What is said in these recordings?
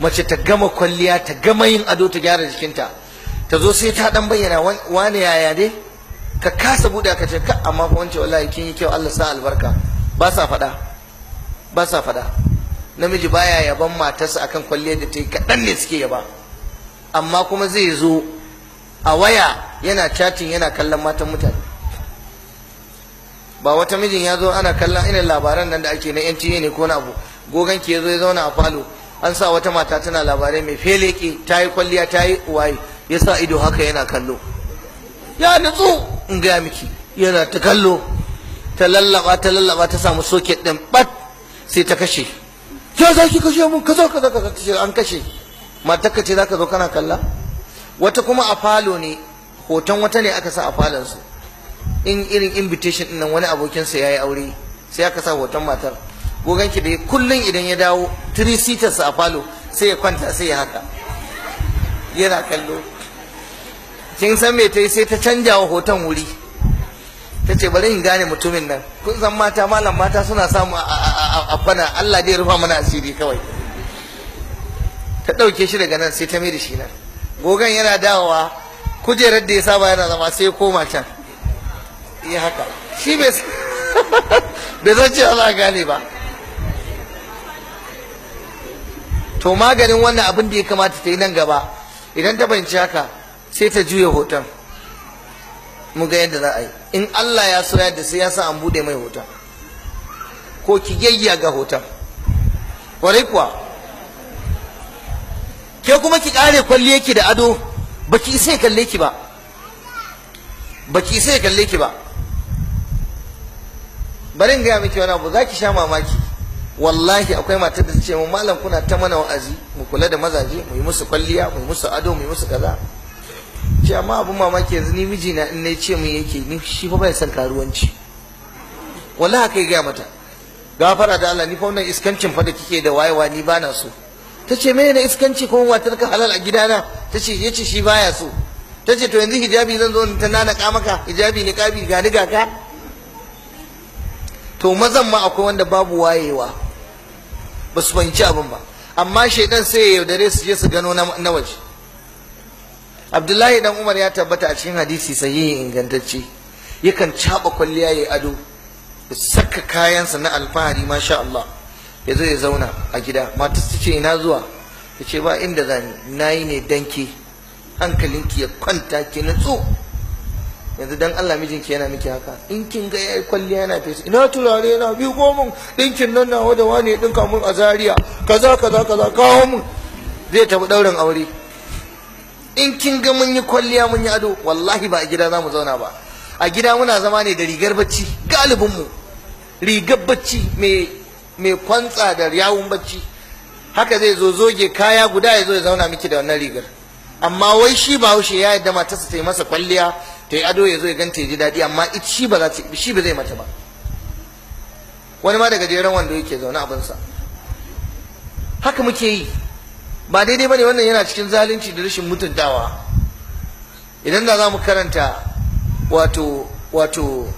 mace ta gama kwalliya ta gama yin ado ta gyara jikinta ta zo sai ta dan bayyana wani yaya dai ka kasa bude ka ce amma fa wance wallahi kin yi kyau Allah sa albarka ba sa faɗa ba sa faɗa namiji baya yaban matarsa akan kwalliya da ta yi kaɗan ne suke yaba amma kuma zai zo a waya yana chatting yana kallon matan mutane ba wata mijin ya zo ana kallon irin labaran nan da ake na yanci ne ko na abu gogan ke zo ya zauna a falo an sa wata mata tana labarai mai feleke ta yi kwalliya ta yi waye ya sa ido haka yana kallo ya nutsu in gaya miki yana ta kallo ta lallaba ta lallaba ta samu soket ɗin bat sai ta kashe ya za ki kashe mun kaza kaza kaza kashe an kashe matar ka ce za ka zo kana kalla wata kuma a falo ne hoton wata ne aka sa a falon su in irin invitation ɗin nan wani abokinsa ya yi aure sai aka sa hoton matar ko ganki da kullun idan ya dawo three seaters a falo sai ya kwanta sai ya haka yana kallo kin san me ta sai ta canja wa hoton wuri ta ce bari in gane mutumin nan kun san mata malam mata suna samu a kwana Allah dai rufa mana asiri kawai ta ɗauke shi daga nan sai ta mai da shi nan gogan yana dawowa kujerar da ya saba yana zama sai ya koma can iya haka shi bai san ce za a gane ba to maganin wannan abin da ya kamata ta yi nan gaba idan ta fahimci haka sai ta juya hoton mu ga yadda za a yi in Allah ya so yadda sai ya sa an bude mai hoton ko ki yayya ga hoton kwarai kuwa ke kuma ki kare kwalli ki da ado baki isa ya kalle ki ba baki isa ya kalle ki ba bari in gaya miki wani abu za ki sha mamaki wallahi akwai matar da ta ce mu malam kuna ta mana wa'azi mu kula da mazaje mu yi musu kwalliya mu yi musu ado mu yi musu kaza ce amma abin mamaki yanzu ni mijina in na ce mu yake ni shi fa bai san karuwanci wallahi haka ga gaya mata gafara da Allah ni fa wannan iskancin fa da kike da wayewa ni ba na so ta ce me ne iskanci ko watar ka halal a gidana ta ce yace shi baya so ta ce to yanzu hijabi zan zo ta nana ka maka hijabi ni kabi ga ni ga ka to mazan ma akwai wanda babu wayewa ba su fahimci abin ba amma shaidan sai ya yaudare su je su gano na waje abdullahi dan umar ya tabbata a cikin hadisi sahihi ingantacce yakan caba kwalliya ya yi ado ya saka kayansa na alfahari masha Allah ya zo ya zauna a gida mata su ce ina zuwa ya ce ba inda zani nayi ne danki hankalinki ya kwanta ki nutsu yanzu dan Allah mijinki yana miki haka in kin ga yayi kwalliya yana fesa ina turare na bi mun? dinkin nan nawa da wani dinka mun a Zariya kaza kaza kaza kawo mun zai tafi daurin aure in kin ga mun yi kwalliya mun yi ado wallahi ba a gida za mu zauna ba a gida muna zama ne da rigar bacci galibin mu rigar bacci mai mai kwantsa da yawun bacci haka zai zo zoge kaya guda ya zo ya zauna miki da wannan rigar amma wai shi bahaushe ya yadda matarsa ta yi masa kwalliya ta yi ado ya zo ya ganta ya ji daɗi amma shi ba za shi ba zai mata ba wani ma daga jeren wando yake zaune abinsa haka muke yi ba daidai bane wannan yana cikin zalunci da rashin mutuntawa idan da za mu karanta wato wato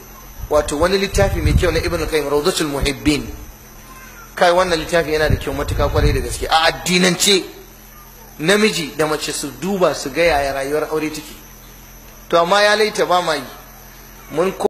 wato wani littafi mai kyau na ibn kayyim rawdatul muhibbin kai wannan littafi yana da kyau matuka kwarai da gaske a addinance namiji da mace su duba su ga yaya rayuwar aure take to amma ya laita ba ma yi mun